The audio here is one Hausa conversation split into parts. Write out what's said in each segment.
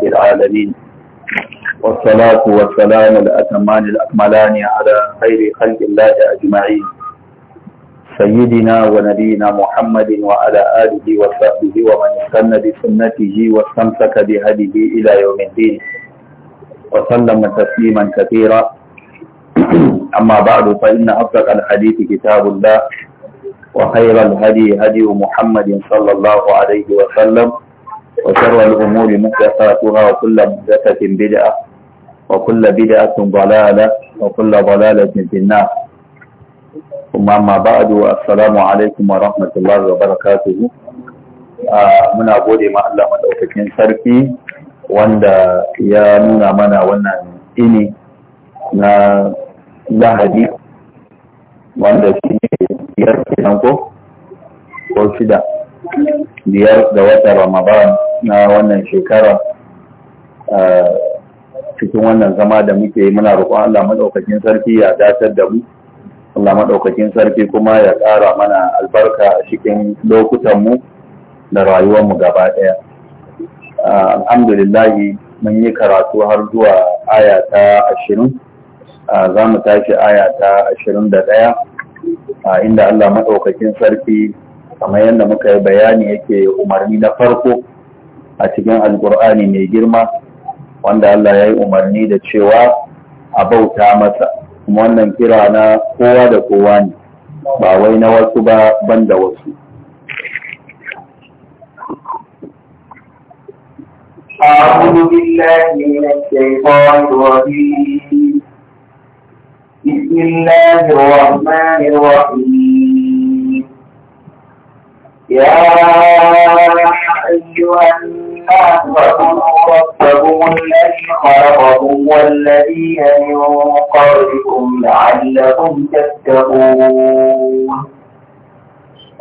رب العالمين والصلاة والسلام الأتمان الأكملان على خير خلق الله أجمعين سيدنا ونبينا محمد وعلى آله وصحبه ومن استنى بسنته واستمسك بهديه إلى يوم الدين وسلم تسليما كثيرا أما بعد فإن أصدق الحديث كتاب الله وخير الهدي هدي محمد صلى الله عليه وسلم وشر الأمور محدثاتها وكل محدثة بدعة وكل بدعة ضلالة وكل ضلالة في النار ثم أما بعد السلام عليكم ورحمة الله وبركاته muna gode ma Allah madaukakin sarki wanda ya nuna mana wannan ini na lahadi wanda shi ne biyar kenan ko ko shida biyar da wata ramadan na wannan shekara cikin wannan zama da muke muna roƙon Allah maɗaukakin sarki ya datar da mu Allah maɗaukakin sarki kuma ya ƙara mana albarka a cikin lokutanmu da mu gaba ɗaya alhamdulillahi mun yi karatu har zuwa aya ta ashirin za mu tashi aya ta ashirin da ɗaya inda Allah maɗaukakin sarki kamar yadda muka yi bayani yake umarni na farko a cikin alkur'ani mai girma wanda Allah ya yi umarni da cewa a bauta masa kuma wannan kira na kowa da kowa ne ba wai na wasu ba ban da wasu أعوذ بالله من الشيطان الرجيم بسم الله الرحمن الرحيم يا أيها الناس اتقوا ربكم الذي خلقكم والذين من قبلكم لعلكم تتقون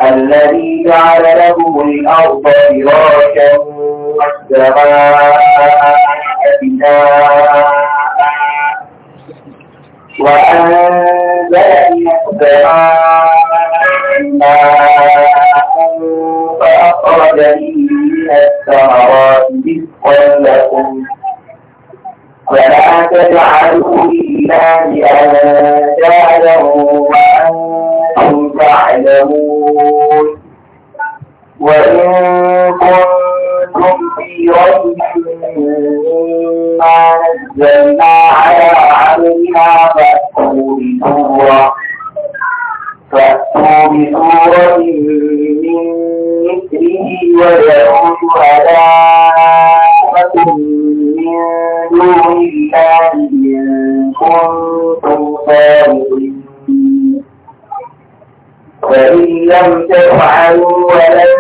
الذي جعل لكم الأرض فراشا والسماء بناء وأنزل من السماء لكم ولا تجعلوا لله أندادا وأنتم تعلمون وإن كنتم في ريب مما نزلنا على عبدنا فأتوا بسورة فأتوا بسورة من مثله ودعوا شهداء لكم من دون الله إن كنتم صادقين فإن لم تفعلوا ولن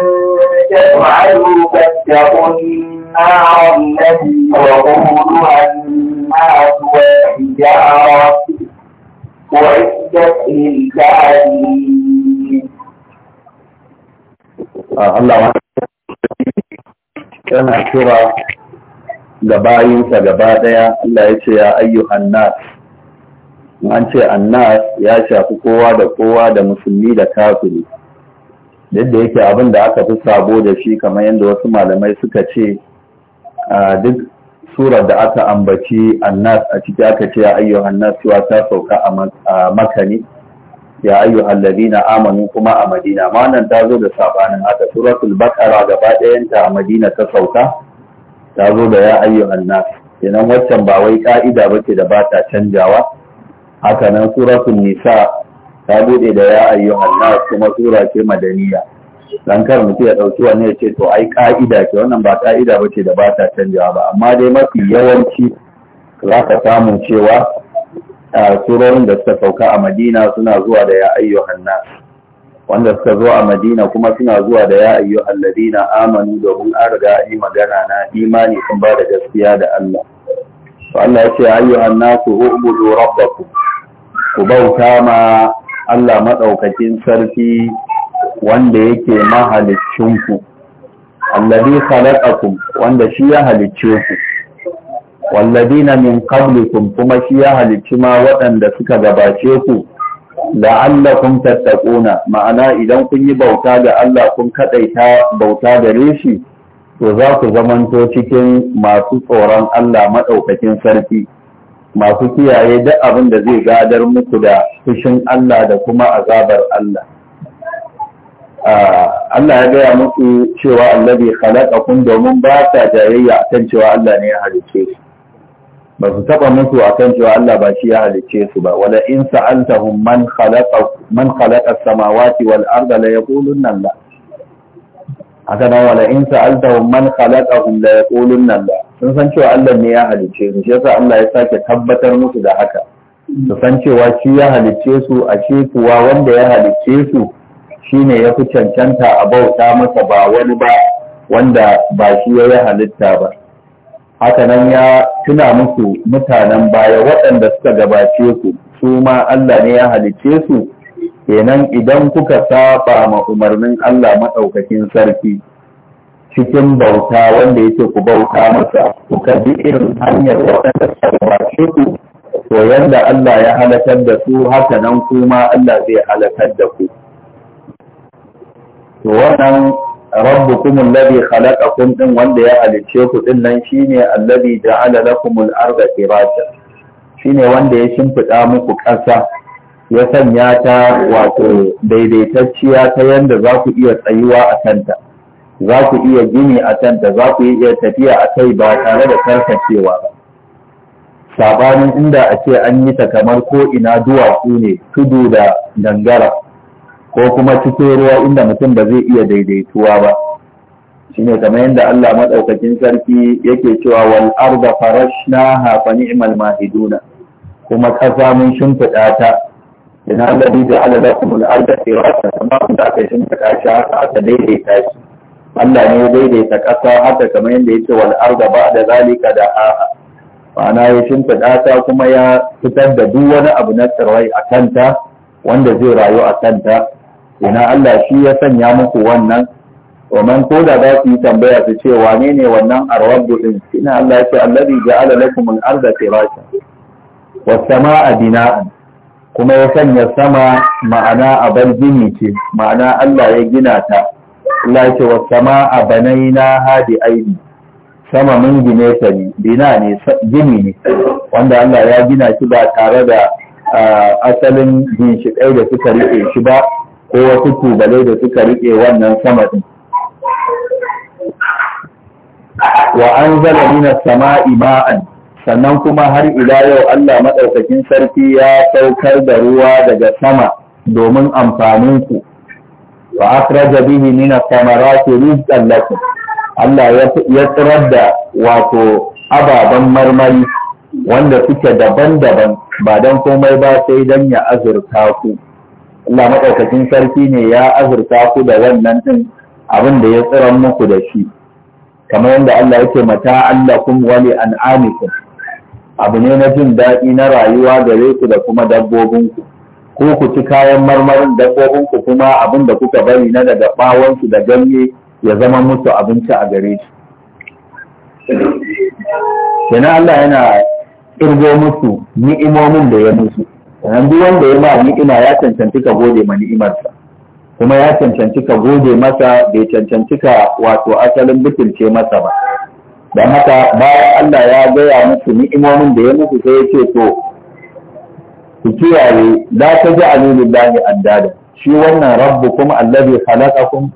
تفعلوا فاتقوا النار التي وقودها الناس والحجارة وعدت للكافرين الله yana kira ga bayinsa gaba ɗaya Allah ya ce ya ayyuhan nas an ce annas ya shafi kowa da kowa da musulmi da kafiri duk da yake abin da aka fi sabo da shi kamar yadda wasu malamai suka ce duk surar da aka ambaci annas a ciki aka ce ya ayyu annas, cewa ta sauka a makani ya ayyuhan na amanu kuma a madina ma wannan ta zo da sabanin haka suratul bakara gaba ɗayanta a madina ta sauka ta zo da ya ayyu anna kenan waccan ba wai ka'ida bace da ba ta canjawa haka nan suratul nisa ta bude da ya ayyu anna kuma sura ce madaniya dan kar mutum ya dauki wani ya ce to ai ka'ida ce wannan ba ka'ida bace da ba ta canjawa ba amma dai mafi yawanci za ka samu cewa a surorin da suka sauka a madina suna zuwa da ya ayyu anna wanda suka zo a madina kuma suna zuwa da ya ayyu alladina amanu domin an riga yi magana na imani sun ba da gaskiya da Allah to Allah ya ce ayyu annasu ubudu rabbakum ku bauta ma Allah madaukakin sarki wanda yake mahalicin ku alladhi khalaqakum wanda shi ya halicce ku walladina min qablikum kuma shi ya halicci ma waɗanda suka gabace ku la'allakum tattaquna ma'ana idan kun yi bauta ga Allah kun kadaita bauta da rishi, to za ku zamanto cikin masu tsoron Allah madaukakin sarki masu kiyaye duk abin da zai gadar muku da fushin Allah da kuma azabar Allah Allah ya gaya muku cewa allazi khalaqakum domin ba ta jayayya kan cewa Allah ne ya halice shi. ba su taba mutu kan cewa Allah ba shi ya halicce su ba wala in sa'altahum man khalaqa man khalaqa samawati wal arda la yaqulunna Allah haka nan wala in sa'altahum man khalaqahum la yaqulunna Allah sun san cewa Allah ne ya halicce su shi yasa Allah ya sake tabbatar musu da haka su san cewa shi ya halicce su a ce kuwa wanda ya halicce su shine ya fi cancanta a bauta masa ba wani ba wanda ba shi ya halitta ba haka nan ya tuna musu mutanen baya waɗanda suka gabace ku su ma Allah ne ya halice su kenan idan kuka saba ma umarnin Allah maɗaukakin sarki cikin bauta wanda yake ku bauta masa ku bi irin hanyar waɗanda suka gabace ku to yadda Allah ya halakar da su haka nan kuma Allah zai halakar da ku wannan rabbukum alladhi khalaqakum din wanda ya halicce ku din nan shine alladhi da lakum al-ardha firashan shine wanda ya shimfiɗa muku ƙasa ya sanya ta wato daidaitacciya ta yadda za ku iya tsayuwa a kanta za ku iya gini a kanta za ku iya tafiya a kai ba tare da karkacewa ba sabanin inda a ce an yi ta kamar ko ina duwatsu ne tudu da dangara. ko kuma cikin ruwa inda mutum ba zai iya daidaituwa ba shine kamar yadda Allah madaukakin sarki yake cewa wal arda farashnaha fa ni'mal mahiduna kuma kasa mun shimfiɗa ta ina alladhi ja'ala lakum al-arda firasha kama kun da aka shimfiɗa shi haka aka daidaita shi Allah ne ya daidaita kasa haka kamar yadda yake wal arda ba'da zalika da a'a ma'ana ya shimfiɗa ta kuma ya fitar da duk wani abu na tsirrai a kanta wanda zai rayu a kanta ina Allah shi ya sanya muku wannan ومن قولا ذات تنبيه تشي وانيني ونن الرب إن الله الذي جعل لكم الأرض فراشا والسماء بناء kuma ya sanya sama ma'ana abar gini ce ma'ana Allah ya gina ta Allah ya ce wa sama a banaina hadi aini gini ne wanda Allah ya gina shi ba tare da ah, asalin ginshiƙai da suka riƙe ba ko wasu tubalai da suka riƙe wannan sama ɗin. Wa an zala sama'i ma'an, sannan kuma har ila yau Allah maɗaukakin sarki ya saukar da ruwa daga sama domin amfaninku. Wa akraja bihi mina samarati rizqan lakum. Allah ya tsirar da wato ababen marmari wanda suke daban-daban ba don komai ba sai don ya azurta ku. Allah maɗaukakin sarki ne ya azurta ku da wannan ɗin abin da ya tsiran muku da shi kamar yadda Allah yake mata kuma wani an'amiku abu ne na jin daɗi na rayuwa gare ku da kuma dabbobinku ko ku ci kayan marmarin dabbobinku kuma abin da kuka bari na daga ɓawonsu da ganye ya zama musu abinci a gare shi Yana Allah yana ƙirgo musu ni'imomin da ya musu. sannan duk wanda ya ma ni'ima ya cancanci ka gode ma ni'imarsa kuma ya cancanci ka gode masa bai cancanci ka wato asalin butulce masa ba don haka bayan Allah ya gaya musu ni'imomin da ya musu sai ya ce to ku kiyaye za ta ji alilullahi addada shi wannan Rabbu allazi khalaqakum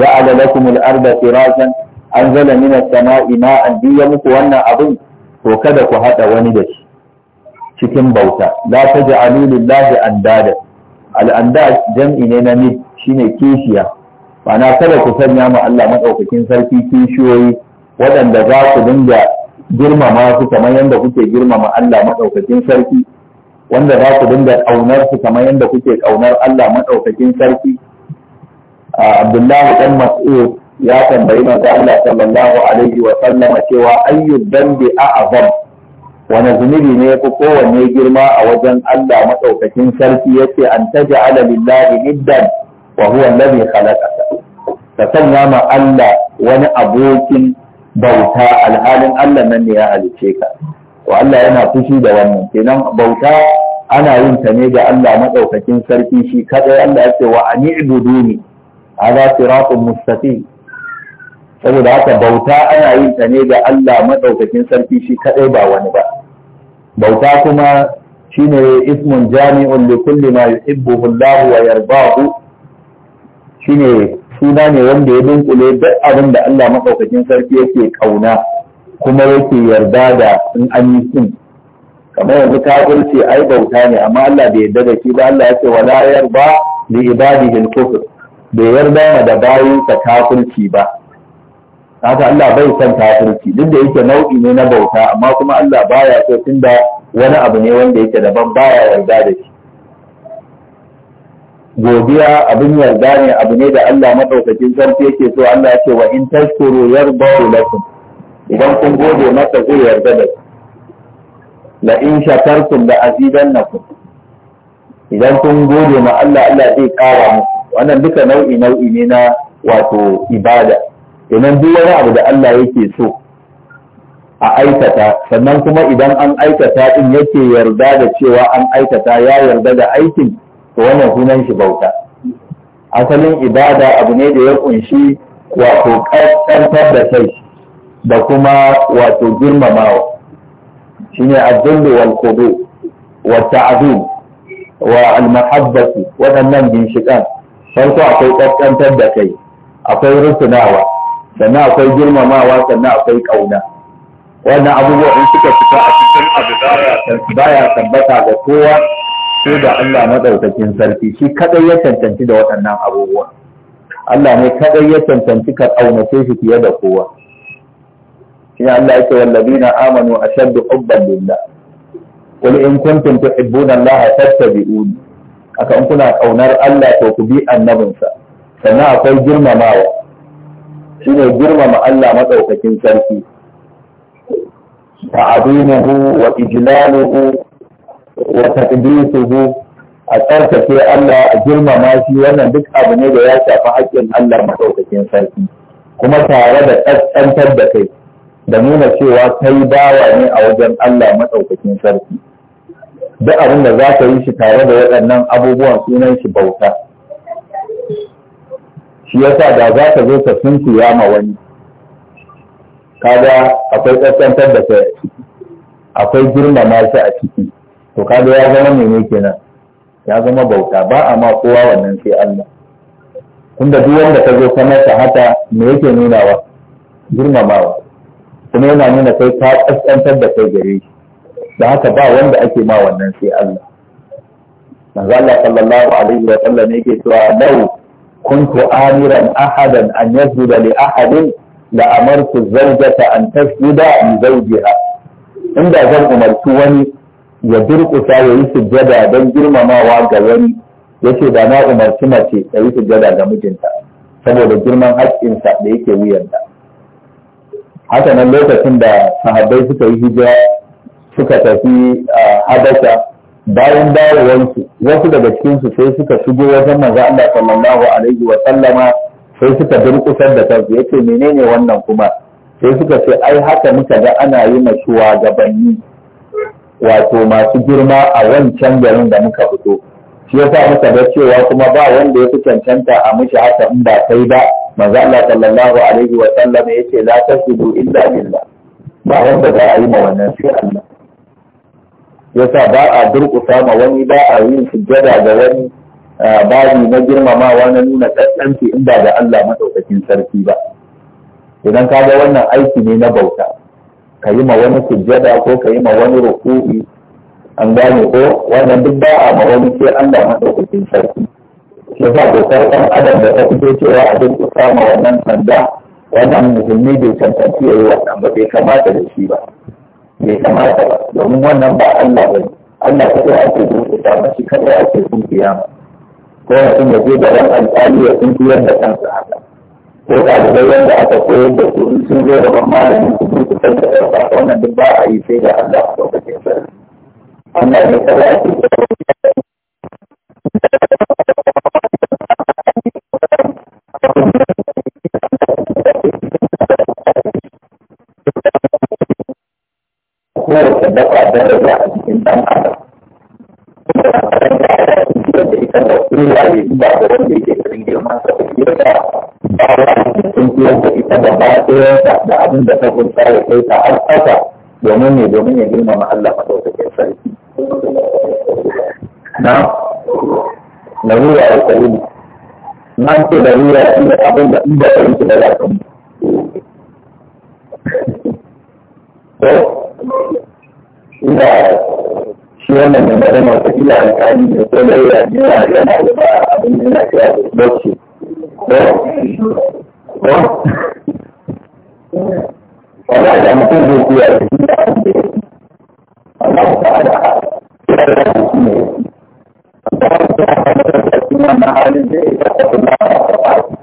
ja'ala lakum al-arda firasan anzala min as-sama'i ma'an muku wannan abin to kada ku hada wani da shi cikin bauta la taj'alu lillahi andada al-andad jam'i ne na mid shine kishiya ma'ana kada ku sanya ma Allah maɗaukakin sarki kishiyoyi waɗanda za ku dinga girmama su kamar yadda kuke girmama Allah maɗaukakin sarki wanda za ku dinga ƙaunar su kamar yadda kuke ƙaunar Allah maɗaukakin sarki Abdullahi dan Mas'ud ya tambayi manzo Allah sallallahu alaihi wa sallama cewa ayyu dambi a'zam wani zunubi ne fi kowanne girma a wajen Allah maɗaukakin sarki ya ce an ta ja'ala lillahi niddan wa huwa alladhi khalaqaka ka sanya ma Allah wani abokin bauta alhalin Allah nan ne ya halice ka to Allah yana fushi da wannan kenan bauta ana yin ta ne ga Allah maɗaukakin sarki shi kadai Allah ya ce wa ani'buduni hada siratun mustaqim saboda haka bauta ana yin ta ne ga Allah maɗaukakin sarki shi kadai ba wani ba bauta kuma shine ismun jami'un li kulli ma yuhibbuhu Allah wa yardahu shine suna ne wanda ya dunkule duk abin da Allah madaukakin sarki yake kauna kuma yake yarda da in an yi sun kamar yanzu kafirci ai bauta ne amma Allah bai yarda da shi ba Allah yake wala yarda li ibadihi al-kufr bai yarda da bayinsa kafirci ba haka Allah bai son kafirci duk da yake nau'i ne na bauta amma kuma Allah baya so tunda wani abu ne wanda yake daban baya yarda da shi godiya abin yarda ne abu ne da Allah madaukakin sarki yake so Allah ya ce wa in tashkuru yarda lakum idan kun gode masa zai yarda da ku la in shakartum la azidannakum idan kun gode ma Allah Allah zai kara muku wannan duka nau'i nau'i ne na wato ibada idan duk wani abu da Allah yake so a aikata sannan kuma idan an aikata din yake yarda da cewa an aikata ya yarda da aikin to wannan sunan shi bauta asalin ibada abu ne da ya kunshi wato ƙarƙantar da kai da kuma wato girmamawa shine ne wal qudu wa ta'zim wa al mahabbatu waɗannan binshiƙan farko akwai ƙarƙantar da kai akwai rusunawa sannan akwai girmamawa sannan akwai ƙauna wannan abubuwa in suka fita a cikin abu baya tabbata ga kowa Ko da Allah madaukakin sarki shi kadai ya cancanci da waɗannan abubuwa Allah ne kadai ya cancanci ka ƙaunace shi fiye da kowa shi Allah yake wallabina amanu ashaddu hubban lillah qul in kuntum tuhibbuna Allah fattabi'uni aka in kuna kaunar Allah to ku bi annabinsa sannan akwai girmamawa shine girmama Allah madaukakin sarki ta'zimuhu wa ijlaluhu wa taqdisuhu a tsarkake Allah a girmama shi wannan duk abu ne da ya shafi haƙƙin Allah madaukakin sarki kuma tare da tsantsantar da kai da nuna cewa kai bawa ne a wajen Allah madaukakin sarki duk abin da za ka yi shi tare da waɗannan abubuwan sunan shi bauta shi yasa da za ka zo ka sunkuya ma wani kaga akwai kaskantar da kai akwai girmama shi a ciki to kaga ya zama mene kenan ya zama bauta ba a ma kowa wannan sai Allah tunda duk wanda ka zo ta ta haka me yake nuna wa? girmamawa kuma yana nuna kai ka kaskantar da kai gare shi da haka ba wanda ake ma wannan sai Allah manzo Allah sallallahu alaihi wa sallam yake cewa lau كنت آمرا أحدا أن يسجد لأحد لأمرت الزوجة أن تسجد لزوجها عند زن أمرت وني يدرك ساوي سجدا بن جرم ما واقع وني yace ba na umarci mace ta yi sujjada ga mijinta saboda girman haƙƙinsa da yake wuyanta haka nan lokacin da sahabbai suka yi hijira suka tafi a bayan dawowarsu wasu daga cikinsu sai suka shigo wajen manzo Allah sallallahu alaihi wa sallama sai suka durƙusar da kansu yace menene wannan kuma sai suka ce ai haka muka ga ana yi ma shugabanni wato masu girma a wancan garin da muka fito shi yasa muka ga cewa kuma ba wanda ya fi cancanta a mishi haka in ba sai ba manzo Allah sallallahu alaihi wa sallama yace la tasidu illa billah ba wanda za a yi ma wannan sai Allah yasa ba a durƙusa ma wani ba a yin sujjada ga wani babi na girmamawa na nuna ƙasƙanci in ba da Allah maɗaukakin sarki ba idan ka ga wannan aiki ne na bauta ka yi ma wani sujjada ko ka yi ma wani ruku'i an gane ko wannan duk ba a ma wani sai Allah maɗaukakin sarki ya sa dokar ɗan adam da ta fito cewa a durƙusa ma wannan sanda wannan musulmi bai cancanci ya yi wannan ba bai kamata da shi ba bai kamata ba domin wannan ba Allah ba Allah ta kai ake dunkuta ba shi kada ake dunkiya ba ko mutum ya je ran alƙali ya dunkiyar da kansa haka ko ɗalibai da aka koyar da su sun zo gaban malamin su dunkutar da kansa wannan duk ba a yi sai da Allah a lokacin Allah ne kadai ake dunkuta Timur terdapat daerah Sintang Adam. Nanti dari yang apa yang tidak tidak terjadi dalam ko ina shi wannan da bari masu ila alƙali da ko da ya yana yana da ba abin da yana kira da bacci ko ko da mutum zai da shi da amma da da shi ne amma da shi da ya